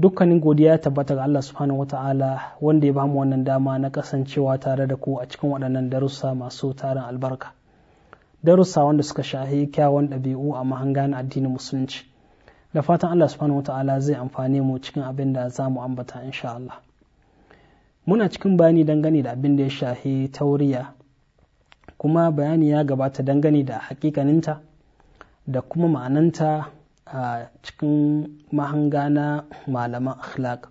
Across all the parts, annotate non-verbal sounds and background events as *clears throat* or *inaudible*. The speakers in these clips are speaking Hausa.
dukkanin godiya tabbata ga Allah subhanahu wata'ala wanda ya bamu wannan dama na kasancewa tare da ku a cikin waɗannan darussa masu tarin albarka darussa wanda suka shahi kyawun ɗabi'u a mahangan addinin musulunci da fatan Allah subhanahu wata'ala zai amfane mu cikin abin da za mu ambata insha Allah muna cikin bayani dangane da abin da ya shahi tauriya kuma bayani ya gabata dangane da hakikaninta da kuma ma'ananta a cikin mahanga na malaman akhlaq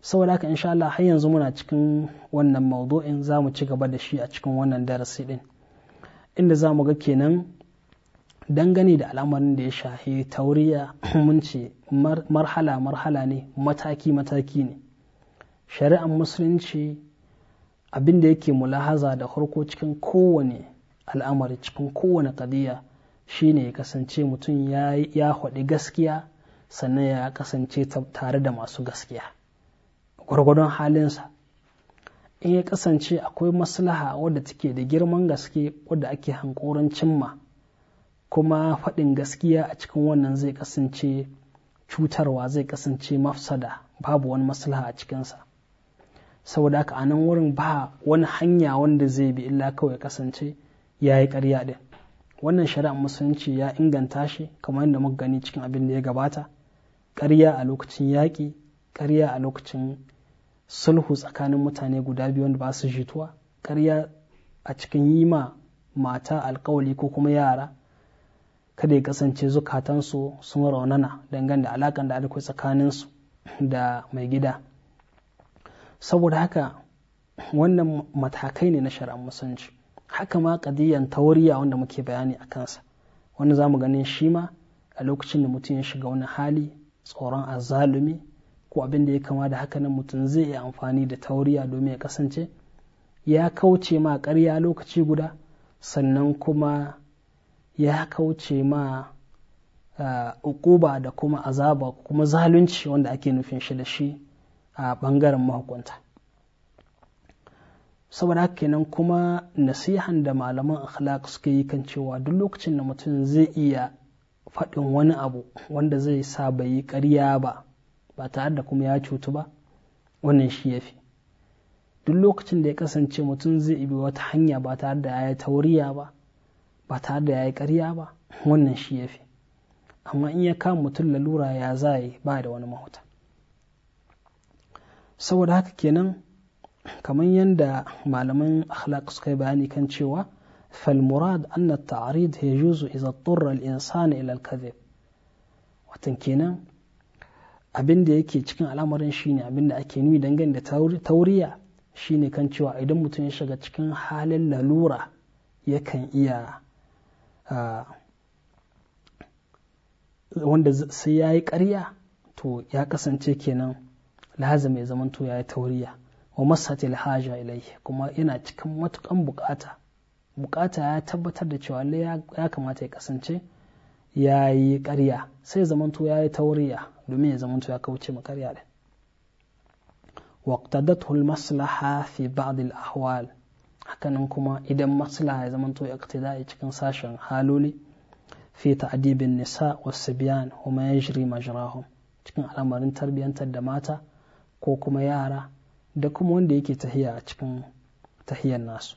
saboda haka insha Allah har yanzu muna cikin wannan maudu'in za mu ci gaba da shi a cikin wannan darasi din inda za mu ga kenan dangane da al'amarin da ya shahi tauriya *clears throat* mun ce marhala marhala ne mataki mataki ne shari'ar musulunci abin da yake mulahaza da harko cikin kowane al'amari cikin kowane kadiya Shi ne ya kasance mutum ya haɗi gaskiya sannan ya kasance tare da masu gaskiya gwargwadon halinsa in ya kasance akwai maslaha wadda take da girman gaske wadda ake hankoron cimma kuma faɗin gaskiya a cikin wannan zai kasance cutarwa zai kasance mafsada babu wani maslaha a cikinsa saboda haka a nan wurin ba wani hanya wanda zai bi illa kawai kasance ya yi ƙarya ɗin wannan shari'ar musulunci ya inganta shi kamar yadda muka gani cikin abin da ya gabata karya a lokacin yaƙi karya a lokacin sulhu tsakanin mutane guda biyu wanda ba su jituwa karya a cikin yi ma mata alkawali ko kuma yara kada ya kasance zukatansu sun raunana dangane da alaƙar da tsakanin tsakaninsu da mai gida saboda haka wannan matakai ne na shari'ar musulunci haka ma ƙadiyan tauriya wanda muke bayani a kansa wanda za mu ganin shi ma a lokacin da mutum ya shiga wani hali tsoron azalumi ko abin da ya kama da haka nan mutum zai iya amfani da tauriya domin ya kasance ya kauce ma ƙarya lokaci guda sannan kuma ya kauce ma ukuba da kuma azaba kuma zalunci wanda ake nufin shi da shi a ɓangaren mahukunta saboda haka kenan kuma nasihan da malaman akhlaq suka yi kan cewa duk lokacin da mutum zai iya faɗin wani abu wanda zai sa bai yi ƙarya ba ba tare da kuma ya cutu ba wannan shi yafi duk lokacin da ya kasance mutum zai ibi wata hanya ba tare da ya yi tauriya ba ba tare da ya yi ƙarya ba wannan shi yafi amma in ya kama mutum lalura ya za ba da wani mahuta saboda haka kenan kamar yadda malaman akhlaq suka yi bayani kan cewa falmurad anna ta'arid ya juzu iza al'insani ilal kadhib watan kenan abin da yake cikin al'amarin shine abin da ake nuni dangane da tauriya shine kan cewa idan mutum ya shiga cikin halin lalura yakan iya wanda sai ya yi ƙarya to ya kasance kenan lazima ya zamanto ya yi tauriya wa masatil haja ilaihi kuma yana cikin matukan bukata bukata ya tabbatar da cewa ya kamata ya kasance ya yi karya sai zamanto ya yi tauriya domin ya zamanto ya kauce ma ƙarya din waqtadathu al-maslaha fi ba'd al-ahwal hakanan kuma idan maslaha ya zamanto iqtida'i cikin sashen haloli fi ta'dibin nisa was-sibyan wa ma yajri majrahum cikin al'amarin tarbiyantar da mata ko kuma yara da kuma wanda yake tahiya a cikin tahiyar nasu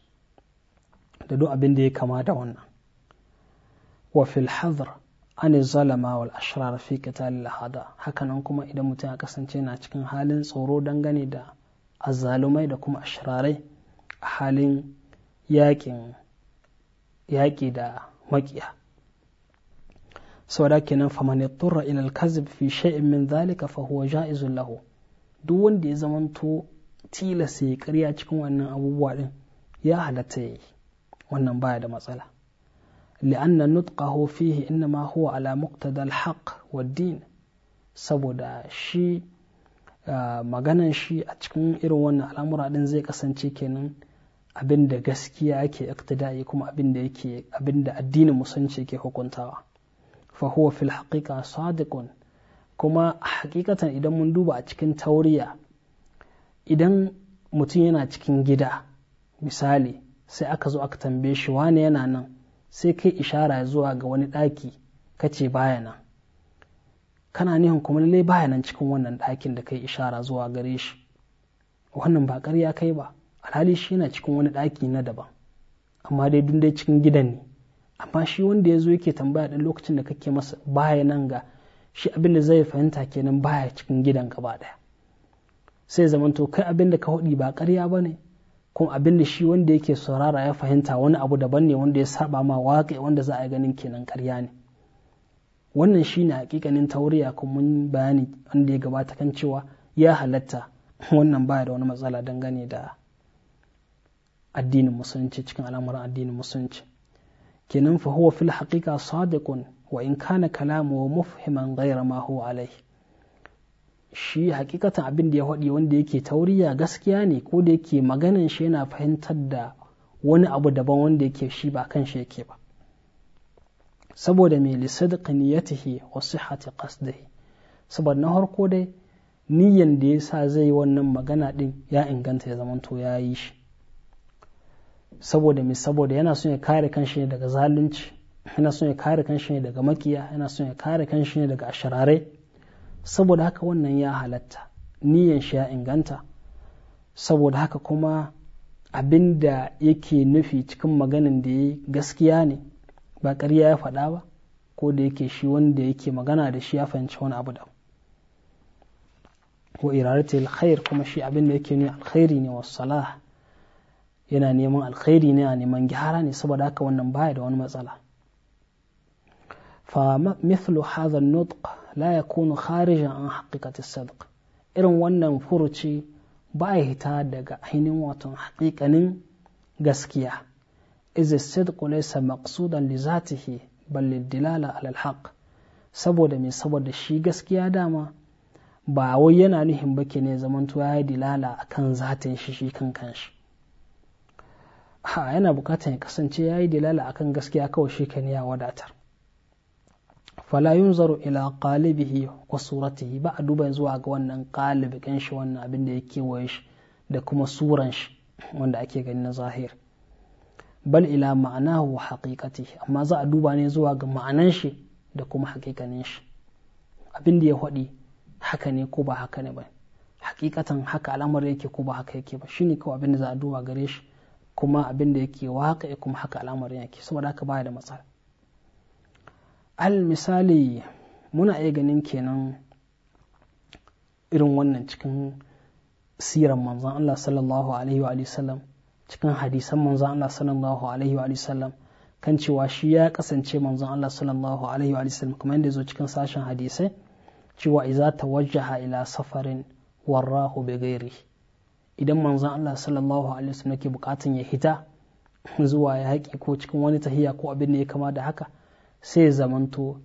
da duk abin da ya kama da wannan wa fil hadr an zalama wal ashrar fi qital hada hakanan kuma idan mutum ya kasance na cikin halin tsoro dangane da azalumai da kuma ashrarai a halin yakin yaƙi da maƙiya saboda kenan faman yattara ila al-kazib fi shay'in min dhalika fa huwa ja'izun lahu duk wanda ya zamanto tilasta ya karya cikin wannan abubuwa din ya halatta yi wannan baya da matsala li'anna nutqahu fihi innama huwa ala muqtada al-haqq wa din saboda shi ah, maganan shi a cikin irin wannan al'amura din zai kasance kenan abin da gaskiya yake iktidai kuma abin da yake abin da addinin musanci ke hukuntawa fa huwa fil haqiqa sadiqun kuma hakikatan idan mun duba a cikin tauriya idan mutum yana cikin gida misali sai aka zo aka tambaye shi wane yana nan sai kai ishara zuwa ga wani ɗaki ka ce baya kana nihin kuma lallai baya nan cikin wannan ɗakin da kai ishara zuwa gare shi wannan ba ƙarya kai ba alhali shi yana cikin wani ɗaki na daban amma dai dun dai cikin gidan ne amma shi wanda ya zo yake tambaya ɗin lokacin da kake masa bayanan ga shi abin da zai fahimta kenan baya cikin gidan gaba ɗaya sai zamanto kai abin da ka hudi ba karya ba ne kuma abin da shi wanda yake saurara ya fahimta wani abu daban ne wanda ya saba ma waƙe wanda za a ganin kenan karya ne wannan shi ne hakikanin tauriya kuma mun bayani wanda ya gabata kan cewa ya halatta *laughs* wannan baya da wani matsala dangane da addinin musulunci cikin al'amuran addinin musulunci kenan fa huwa fil haqiqa sadiqun wa in kana kalamu mufhiman ghayra ma huwa alayhi shi hakikatan abin da ya faɗi wanda yake tauriya gaskiya ne ko da yake maganan shi yana fahimtar da wani abu daban wanda yake shi ba kan shi yake ba saboda me mai sadqi niyyatihi wa sihhati qasdihi saboda na harko dai niyyan da yasa zai yi wannan magana din ya inganta ya zamanto ya yi shi saboda me saboda yana son ya kare kanshi ne daga zalunci yana son ya kare kanshi ne daga makiya yana son ya kare kanshi ne daga ashirarai saboda haka wannan ya halatta niyan shi ya inganta saboda haka kuma abin da yake nufi cikin maganin da ya gaskiya ne ba ƙarya ya faɗa ba ko da yake shi wanda yake magana da shi ya fahimci wani abu da wa iradatu alkhair kuma shi abin da yake nuna alkhairi ne wa salah yana neman alkhairi ne a neman gyara ne saboda haka wannan baya da wani matsala fa mithlu hadha an la kunu kharijan an haqiqati sadq irin wannan furuci ba ya hita daga ainihin watan haƙiƙanin gaskiya iza sidqu laysa maqsudan li zatihi bal lidilala ala alhaq saboda mai saboda shi gaskiya dama ba wai yana nuhin bake ne tuwa ya dilala akan zatin shi shi kan kanshi ha yana bukatar ya kasance ya yi dilala akan gaskiya kawai shi kan ya wadatar fala yunzaru ila qalibihi wa suratihi ba a duba zuwa ga wannan qalib kan shi wannan abin da ya kewaye shi da kuma suran shi wanda ake gani na zahir bal ila ma'anahu wa haqiqatihi amma za a duba ne zuwa ga ma'anan shi da kuma haƙiƙanin shi abin da ya haɗi haka ne ko ba haka ne ba haƙiƙatan haka al'amari yake ko ba haka yake ba shine kawai abin da za a duba gare shi kuma abin da yake waƙa kuma haka al'amarin yake saboda haka baya da matsala al misali muna iya ganin kenan irin wannan cikin siran manzan Allah sallallahu alaihi wa sallam cikin hadisan manzan Allah sallallahu alaihi wa sallam kan cewa shi ya kasance manzan Allah sallallahu alaihi wa sallam kuma yadda zo cikin sashen hadisai cewa iza wajaha ila safarin warrahu bi ghairi idan manzan Allah sallallahu alaihi sallam ke bukatun ya hita zuwa ya haƙi ko cikin wani tahiya ko abin da ya kama da haka sai zamanto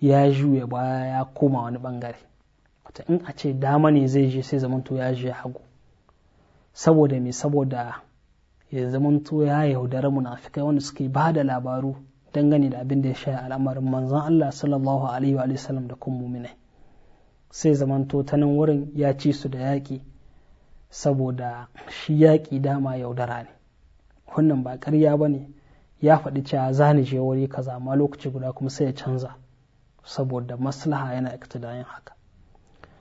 ya juya baya ya koma wani bangare wata in a ce dama ne zai je sai zamanto ya je hagu saboda me saboda ya zamanto ya yaudara munafikai wanda suke ba da labaru dangane da abin da ya shaya al'amarin manzan Allah sallallahu alaihi wa sallam da kun muminai sai zamanto ta nan wurin ya ci su da yaƙi saboda shi yaƙi dama yaudara ne wannan ba karya ba ne ya faɗi cewa za ni je wuri kaza amma lokaci guda kuma sai ya canza saboda maslaha yana iktidayin haka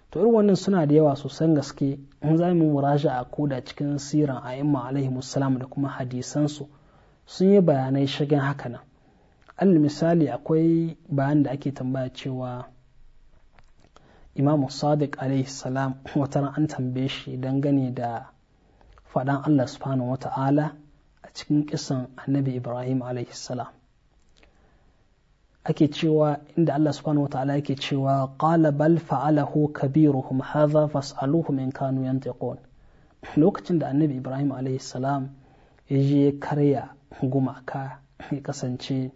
to irin wannan suna da yawa sosai gaske in za mu muraja a koda cikin siran a'imma alaihi musallam da kuma hadisansu sun yi bayanai shagen haka nan al misali akwai bayan da ake tambaya cewa imamu sadiq alaihi salam wata an tambaye shi dangane da faɗan allah subhanahu wata'ala a cikin kisan annabi ibrahim salam ake cewa inda allah subhanahu wataala yake cewa qala bal fa'alahu kabiruhum hadha fas'aluhum in kanu yantiqun lokacin da annabi ibrahim salam ya je ya karya gumaka ya kasance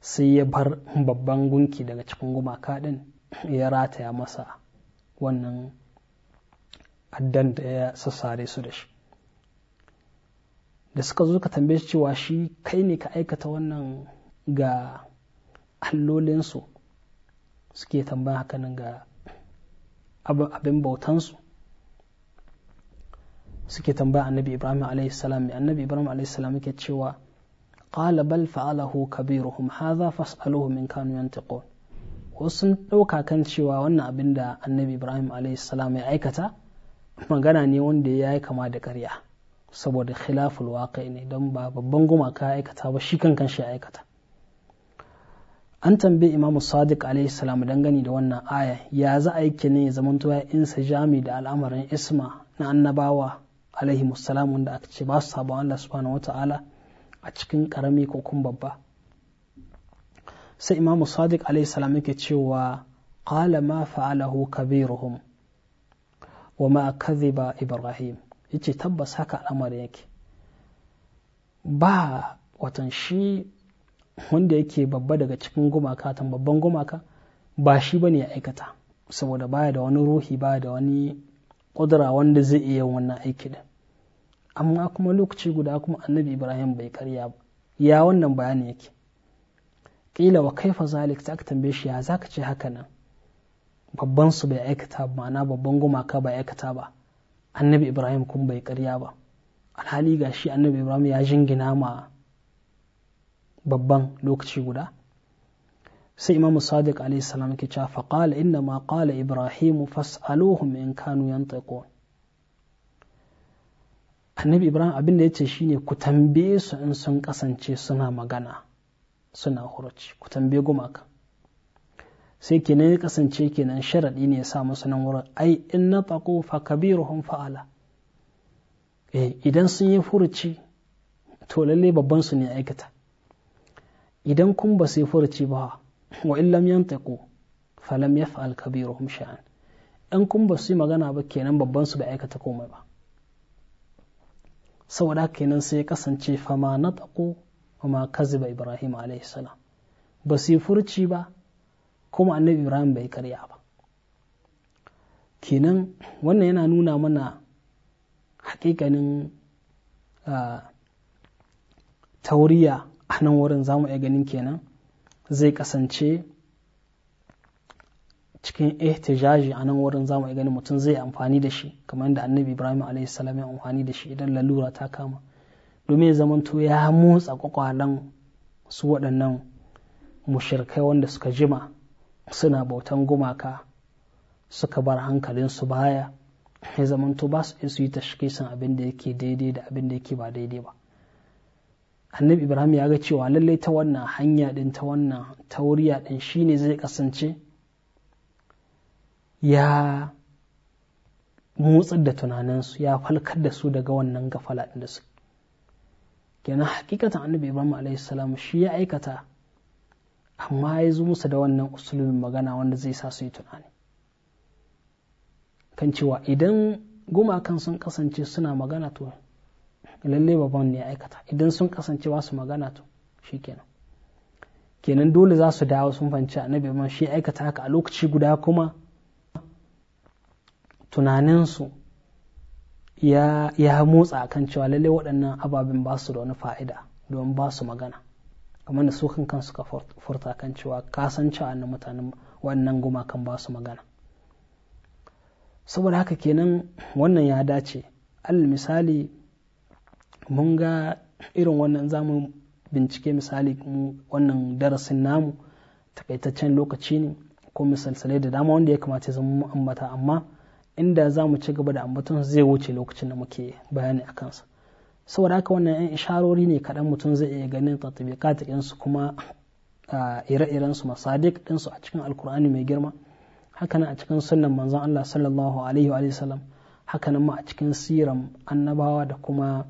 sai ya bar babban gunki daga cikin gumaka din ya rataya masa wannan addan da ya sassare su da shi da suka zo ka tambaye shi cewa shi kai ne ka aikata wannan ga allolinsu suke tambaya hakanan ga abin bautansu suke tambaya annabi ibrahim alaihissalam annabi ibrahim alaihissalam yake cewa qala bal fa'alahu kabiruhum hadha fas'aluhu min kanu yantiqun wasu sun ɗauka kan cewa wannan abin da annabi ibrahim alaihissalam ya aikata magana ne wanda ya yi kama da ƙarya saboda khilaful waƙi ne don ba babban gumaka aikata ba shi kankan shi aikata an tambayi imamu sadiq alaihi salam dangane da wannan aya ya za a yake ne zamantowa insa jami da al'amarin isma na annabawa alaihi musalam wanda aka ce ba su sabon Allah subhanahu wata'ala a cikin karami ko kun babba sai imamu sadiq alaihi salam yake cewa qala ma fa'alahu kabiruhum wa ma kadhiba ibrahim yace tabbas haka al'amarin yake ba watan shi wanda yake babba daga cikin gumaka tan babban gumaka ba shi bane ya aikata saboda baya da wani ruhi baya da wani kudura wanda zai iya wannan aiki din amma kuma lokaci guda kuma annabi ibrahim bai karya ba ya wannan bayani yake ƙila wa kaifa zalik ta aka tambaye shi ya zaka ce haka nan babban su bai aikata ma'ana babban gumaka bai aikata ba annabi ibrahim kun bai karya ba alhali ga shi annabi ibrahim ya jingina ma babban lokaci guda sai imamu sadiq alaihi salam ke cewa faqala inna ma qala ibrahim fas'aluhum in kanu yantiqun annabi ibrahim abin da ya ce shine ku tambaye su in sun kasance suna magana suna huruci ku tambaye gumaka sai kenan ya kasance kenan sharaɗi ne ya sa musu nan wurin ai in na taƙo fa kabiruhum fa'ala eh idan sun yi furuci to lalle babban su ne aikata idan kun ba su yi furuci ba wa in lam yantaqu fa lam yaf'al kabiruhum sha'an in kun ba su yi magana ba kenan babban su bai aikata komai ba saboda kenan sai ya kasance fa ma na tsako ma kaziba ibrahim alaihi salam ba su yi furuci ba kuma annabi ibrahim bai karya ba kenan wannan yana nuna mana hakikanin tauriya a nan wurin zamu iya ganin kenan zai kasance cikin ihtijaji a nan wurin zamu iya ganin mutum zai amfani da shi kamar yadda annabi ibrahim a.s. ya amfani da shi idan lalura ta kama domin ya zama zamanto ya motsa kwakwalen su waɗannan mushirkai wanda suka jima suna bautan gumaka suka bar su baya ya zamanto ba su su yi tashkisan abin da yake daidai da abin da yake ba daidai ba annabi ibrahim ya ga cewa lallai ta wannan hanya din ta wannan tauriya din ne zai kasance ya motsar da tunaninsu ya falkar da su daga wannan gafala din da su kenan hakikatan annabi ibrahim alaihi shi ya aikata amma ya zo musu da wannan usulun magana wanda zai sa su yi tunani kan cewa idan gumakan sun kasance suna magana to lalle babban ne aikata idan sun kasance ba su magana to shi kenan kenan dole za su dawo sun fanci annabi ma shi aikata haka a lokaci guda kuma tunaninsu ya motsa kan cewa lalle waɗannan ababen ba su da wani fa'ida don ba su magana kamar da sukan kan suka furta kan cewa ka san cewa na mutanen wannan gumakan ba su magana saboda haka kenan wannan ya dace al misali mun ga irin wannan zamu bincike misali wannan darasin namu takaitaccen lokaci ne ko misalsalai da dama wanda ya kamata zama mu ambata amma inda za mu ci gaba da ambaton zai wuce lokacin da muke bayani a kansa saboda haka wannan yan isharori ne kaɗan mutum zai iya ganin tattabikatik ɗinsu kuma ire-iren su masadik ɗinsu a cikin alkur'ani mai girma hakanan a cikin sunan manzon Allah sallallahu alaihi wa sallam hakanan ma a cikin siran annabawa da kuma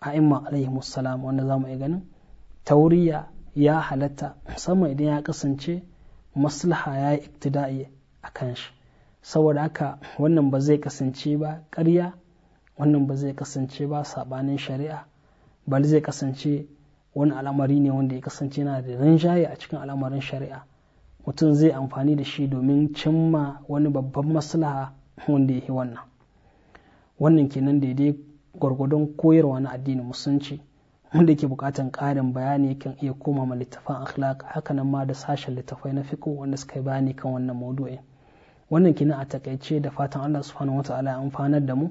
a'imma alaihi musallam wanda za mu iya ganin tauriya ya halatta musamman idan ya kasance maslaha ya yi iktida'i a kan shi saboda haka wannan ba zai kasance ba karya. wannan ba zai kasance ba saɓanin shari'a bal zai kasance wani al'amari ne wanda ya kasance yana da rinjaye a cikin al'amarin shari'a mutum zai amfani da shi domin cimma wani babban maslaha wanda ya yi wannan wannan kenan daidai gwargwadon koyarwa na addinin musulunci wanda yake bukatan ƙarin bayani kan iya koma ma littafan akhlaq hakanan ma da sashen littafai na fiqh wanda suka yi bayani kan wannan maudu'in wannan kenan a takaice da fatan Allah subhanahu wataala ya amfanar da mu